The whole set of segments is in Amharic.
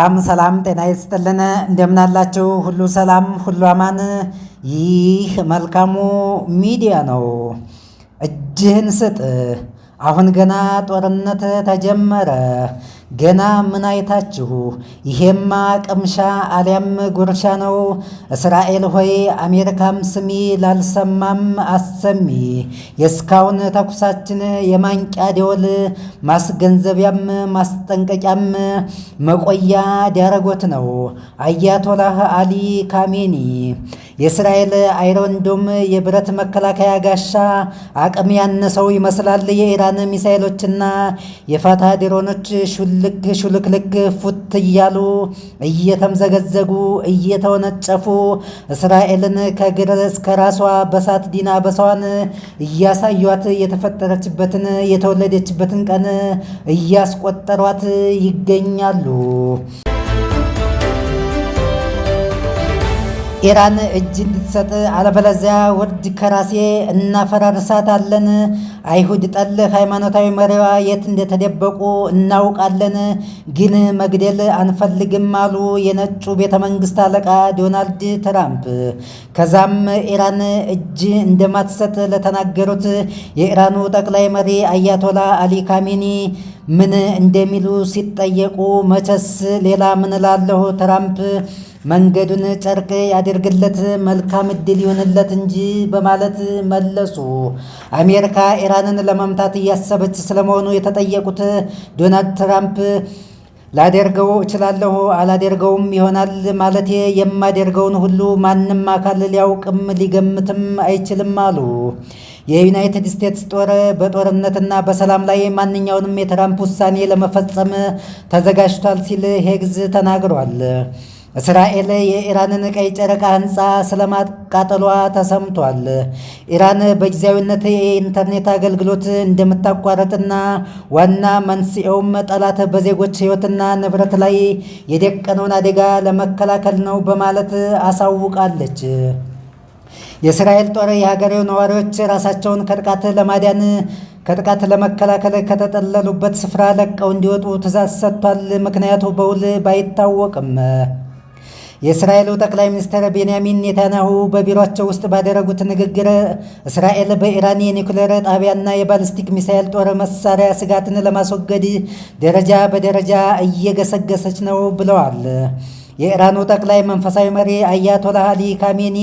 ሰላም ሰላም፣ ጤና ይስጥልን። እንደምናላችሁ ሁሉ ሰላም፣ ሁሉ አማን። ይህ መልካሙ ሚዲያ ነው። እጅህን ስጥ። አሁን ገና ጦርነት ተጀመረ። ገና ምን አይታችሁ? ይሄማ ቅምሻ አሊያም ጉርሻ ነው። እስራኤል ሆይ አሜሪካም ስሚ፣ ላልሰማም አሰሚ። የእስካሁን ተኩሳችን የማንቂያ ደወል ማስገንዘቢያም ማስጠንቀቂያም መቆያ ዳረጎት ነው። አያቶላህ አሊ ካሜኒ የእስራኤል አይሮንዶም የብረት መከላከያ ጋሻ አቅም ያነሰው ይመስላል። የኢራን ሚሳይሎችና የፋታ ድሮኖች ሹልክ ሹልክልክ ፉት እያሉ እየተምዘገዘጉ እየተወነጨፉ እስራኤልን ከግር እስከ ራሷ በሳት ዲና በሰዋን እያሳዩት የተፈጠረችበትን የተወለደችበትን ቀን እያስቆጠሯት ይገኛሉ። ኢራን እጅ እንድትሰጥ አለበለዚያ ውርድ ከራሴ እናፈራርሳታለን። አይሁድ ጠል ሃይማኖታዊ መሪዋ የት እንደተደበቁ እናውቃለን፣ ግን መግደል አንፈልግም አሉ የነጩ ቤተ መንግስት አለቃ ዶናልድ ትራምፕ። ከዛም ኢራን እጅ እንደማትሰጥ ለተናገሩት የኢራኑ ጠቅላይ መሪ አያቶላ አሊ ካሜኒ ምን እንደሚሉ ሲጠየቁ መቼስ ሌላ ምን እላለሁ፣ ትራምፕ መንገዱን ጨርቅ ያደርግለት፣ መልካም እድል ይሆንለት እንጂ በማለት መለሱ። አሜሪካ ኢራንን ለመምታት እያሰበች ስለመሆኑ የተጠየቁት ዶናልድ ትራምፕ ላደርገው እችላለሁ፣ አላደርገውም ይሆናል ማለት የማደርገውን ሁሉ ማንም አካል ሊያውቅም ሊገምትም አይችልም አሉ። የዩናይትድ ስቴትስ ጦር በጦርነትና በሰላም ላይ ማንኛውንም የትራምፕ ውሳኔ ለመፈጸም ተዘጋጅቷል ሲል ሄግዝ ተናግሯል። እስራኤል የኢራንን ቀይ ጨረቃ ህንፃ ስለማቃጠሏ ተሰምቷል። ኢራን በጊዜያዊነት የኢንተርኔት አገልግሎት እንደምታቋረጥና ዋና መንስኤውም ጠላት በዜጎች ሕይወትና ንብረት ላይ የደቀነውን አደጋ ለመከላከል ነው በማለት አሳውቃለች። የእስራኤል ጦር የሀገሬው ነዋሪዎች ራሳቸውን ከጥቃት ለማዳን ከጥቃት ለመከላከል ከተጠለሉበት ስፍራ ለቀው እንዲወጡ ትእዛዝ ሰጥቷል። ምክንያቱ በውል ባይታወቅም የእስራኤሉ ጠቅላይ ሚኒስትር ቤንያሚን ኔታንያሁ በቢሮቸው ውስጥ ባደረጉት ንግግር እስራኤል በኢራን የኒኩሌር ጣቢያና የባሊስቲክ ሚሳኤል ጦር መሳሪያ ስጋትን ለማስወገድ ደረጃ በደረጃ እየገሰገሰች ነው ብለዋል። የኢራኑ ጠቅላይ መንፈሳዊ መሪ አያቶላ አሊ ካሜኒ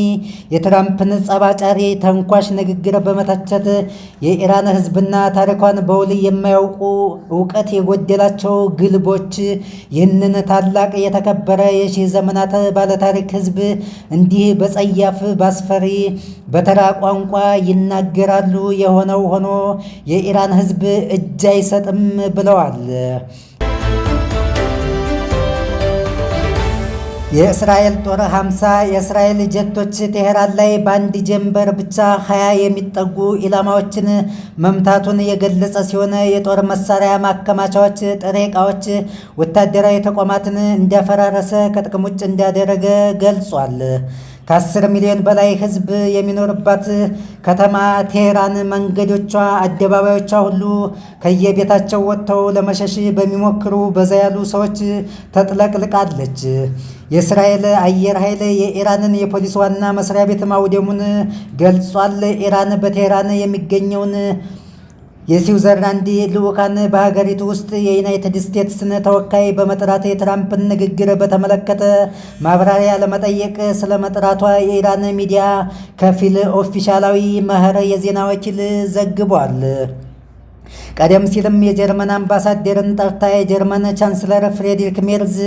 የትራምፕን ጸባጫሪ ተንኳሽ ንግግር በመተቸት የኢራን ሕዝብና ታሪኳን በውል የማያውቁ እውቀት የጎደላቸው ግልቦች ይህንን ታላቅ የተከበረ የሺህ ዘመናት ባለታሪክ ሕዝብ እንዲህ በጸያፍ በአስፈሪ በተራ ቋንቋ ይናገራሉ፣ የሆነው ሆኖ የኢራን ሕዝብ እጅ አይሰጥም ብለዋል። የእስራኤል ጦር 50 የእስራኤል ጀቶች ቴሄራን ላይ በአንድ ጀንበር ብቻ 20 የሚጠጉ ኢላማዎችን መምታቱን የገለጸ ሲሆን የጦር መሳሪያ ማከማቻዎች፣ ጥሬ ዕቃዎች፣ ወታደራዊ ተቋማትን እንዳፈራረሰ ከጥቅም ውጭ እንዳደረገ ገልጿል። ከአስር ሚሊዮን በላይ ህዝብ የሚኖርባት ከተማ ቴሄራን መንገዶቿ፣ አደባባዮቿ ሁሉ ከየቤታቸው ወጥተው ለመሸሽ በሚሞክሩ በዛ ያሉ ሰዎች ተጥለቅልቃለች። የእስራኤል አየር ኃይል የኢራንን የፖሊስ ዋና መስሪያ ቤት ማውደሙን ገልጿል። ኢራን በቴሄራን የሚገኘውን የስዊዘርላንድ ልዑካን በሀገሪቱ ውስጥ የዩናይትድ ስቴትስን ተወካይ በመጥራት የትራምፕን ንግግር በተመለከተ ማብራሪያ ለመጠየቅ ስለ መጥራቷ የኢራን ሚዲያ ከፊል ኦፊሻላዊ መኸር የዜና ወኪል ዘግቧል። ቀደም ሲልም የጀርመን አምባሳደርን ጠርታ የጀርመን ቻንስለር ፍሬድሪክ ሜርዝ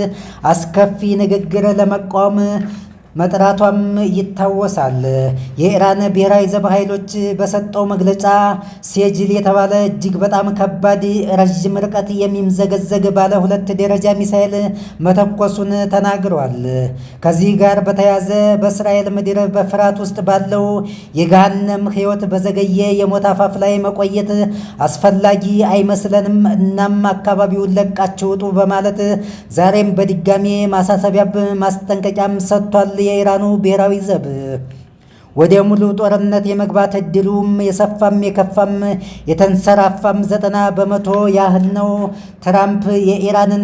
አስከፊ ንግግር ለመቃወም መጥራቷም ይታወሳል። የኢራን ብሔራዊ ዘብ ኃይሎች በሰጠው መግለጫ ሴጅል የተባለ እጅግ በጣም ከባድ ረዥም ርቀት የሚምዘገዘግ ባለ ሁለት ደረጃ ሚሳኤል መተኮሱን ተናግሯል። ከዚህ ጋር በተያያዘ በእስራኤል ምድር በፍርሃት ውስጥ ባለው የገሃነም ሕይወት በዘገየ የሞት አፋፍ ላይ መቆየት አስፈላጊ አይመስለንም፣ እናም አካባቢውን ለቃችሁ ውጡ በማለት ዛሬም በድጋሜ ማሳሰቢያ ማስጠንቀቂያም ሰጥቷል። የኢራኑ ብሔራዊ ዘብ ወደ ሙሉ ጦርነት የመግባት እድሉም የሰፋም የከፋም የተንሰራፋም ዘጠና በመቶ ያህል ነው። ትራምፕ የኢራንን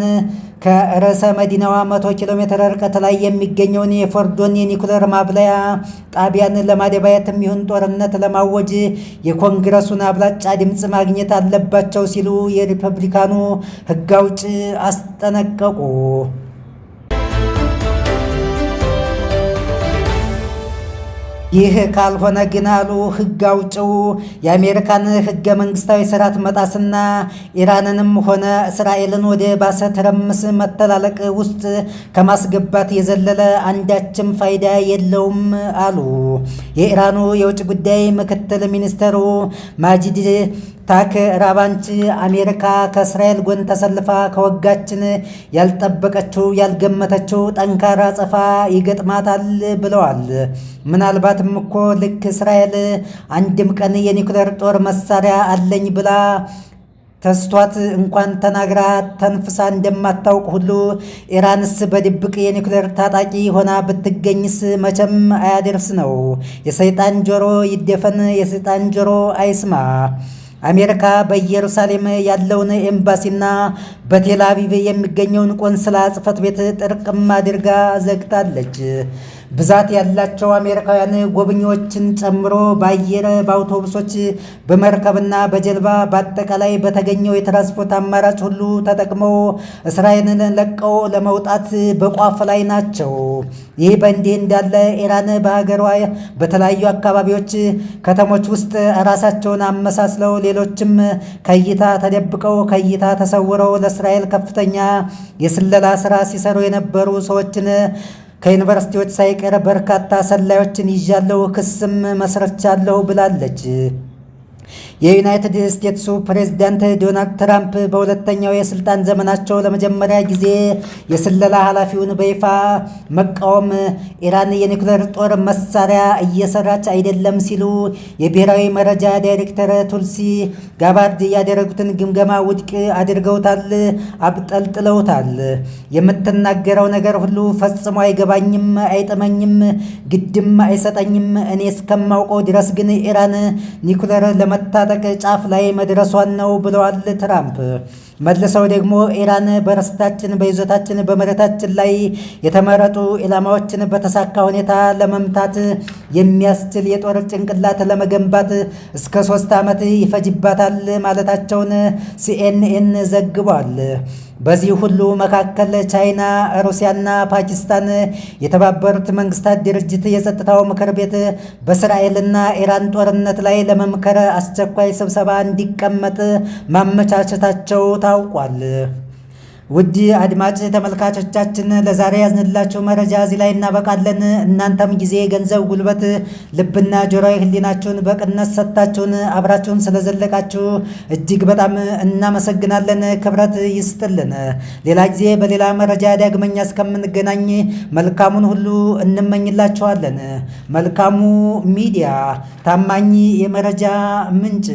ከርዕሰ መዲናዋ 100 ኪሎ ሜትር ርቀት ላይ የሚገኘውን የፎርዶን የኒኩለር ማብለያ ጣቢያን ለማደባየት የሚሆን ጦርነት ለማወጅ የኮንግረሱን አብላጫ ድምፅ ማግኘት አለባቸው ሲሉ የሪፐብሊካኑ ሕግ አውጪ አስጠነቀቁ። ይህ ካልሆነ ግን አሉ ሕግ አውጭው የአሜሪካን ሕገ መንግስታዊ ስርዓት መጣስና ኢራንንም ሆነ እስራኤልን ወደ ባሰ ትርምስ መተላለቅ ውስጥ ከማስገባት የዘለለ አንዳችም ፋይዳ የለውም አሉ የኢራኑ የውጭ ጉዳይ ምክትል ሚኒስተሩ ማጂድ ታክ ራባንች አሜሪካ ከእስራኤል ጎን ተሰልፋ ከወጋችን ያልጠበቀችው ያልገመተችው ጠንካራ ጸፋ ይገጥማታል ብለዋል። ምናልባትም እኮ ልክ እስራኤል አንድም ቀን የኒውክሌር ጦር መሳሪያ አለኝ ብላ ተስቷት እንኳን ተናግራ ተንፍሳ እንደማታውቅ ሁሉ ኢራንስ በድብቅ የኒውክሌር ታጣቂ ሆና ብትገኝስ መቼም አያደርስ ነው። የሰይጣን ጆሮ ይደፈን፣ የሰይጣን ጆሮ አይስማ። አሜሪካ በኢየሩሳሌም ያለውን ኤምባሲና በቴል አቪቭ የሚገኘውን ቆንስላ ጽፈት ቤት ጥርቅም አድርጋ ዘግታለች። ብዛት ያላቸው አሜሪካውያን ጎብኚዎችን ጨምሮ በአየር በአውቶቡሶች በመርከብና በጀልባ በአጠቃላይ በተገኘው የትራንስፖርት አማራጭ ሁሉ ተጠቅመው እስራኤልን ለቀው ለመውጣት በቋፍ ላይ ናቸው። ይህ በእንዲህ እንዳለ ኢራን በሀገሯ በተለያዩ አካባቢዎች ከተሞች ውስጥ ራሳቸውን አመሳስለው ሌሎችም ከእይታ ተደብቀው ከእይታ ተሰውረው ለእስራኤል ከፍተኛ የስለላ ስራ ሲሰሩ የነበሩ ሰዎችን ከዩኒቨርሲቲዎች ሳይቀር በርካታ ሰላዮችን ይዣለሁ፣ ክስም መስረቻለሁ ብላለች። የዩናይትድ ስቴትሱ ፕሬዝዳንት ዶናልድ ትራምፕ በሁለተኛው የስልጣን ዘመናቸው ለመጀመሪያ ጊዜ የስለላ ኃላፊውን በይፋ መቃወም፣ ኢራን የኒውክሌር ጦር መሳሪያ እየሰራች አይደለም ሲሉ የብሔራዊ መረጃ ዳይሬክተር ቱልሲ ጋባርድ ያደረጉትን ግምገማ ውድቅ አድርገውታል፣ አብጠልጥለውታል። የምትናገረው ነገር ሁሉ ፈጽሞ አይገባኝም፣ አይጥመኝም፣ ግድም አይሰጠኝም። እኔ እስከማውቀው ድረስ ግን ኢራን ኒውክሌር ለመ መታጠቅ ጫፍ ላይ መድረሷን ነው ብለዋል ትራምፕ። መልሰው ደግሞ ኢራን በርስታችን በይዞታችን በመሬታችን ላይ የተመረጡ ኢላማዎችን በተሳካ ሁኔታ ለመምታት የሚያስችል የጦር ጭንቅላት ለመገንባት እስከ ሶስት ዓመት ይፈጅባታል ማለታቸውን ሲኤንኤን ዘግቧል። በዚህ ሁሉ መካከል ቻይና፣ ሩሲያና ፓኪስታን የተባበሩት መንግስታት ድርጅት የጸጥታው ምክር ቤት በእስራኤልና ኢራን ጦርነት ላይ ለመምከር አስቸኳይ ስብሰባ እንዲቀመጥ ማመቻቸታቸው ታውቋል። ውድ አድማጭ ተመልካቾቻችን ለዛሬ ያዝንላቸው መረጃ እዚህ ላይ እናበቃለን። እናንተም ጊዜ፣ ገንዘብ፣ ጉልበት፣ ልብና ጆሮዊ ህሊናችሁን በቅነት ሰጥታችሁን አብራችሁን ስለዘለቃችሁ እጅግ በጣም እናመሰግናለን። ክብረት ይስጥልን። ሌላ ጊዜ በሌላ መረጃ ዳግመኛ እስከምንገናኝ መልካሙን ሁሉ እንመኝላችኋለን። መልካሙ ሚዲያ ታማኝ የመረጃ ምንጭ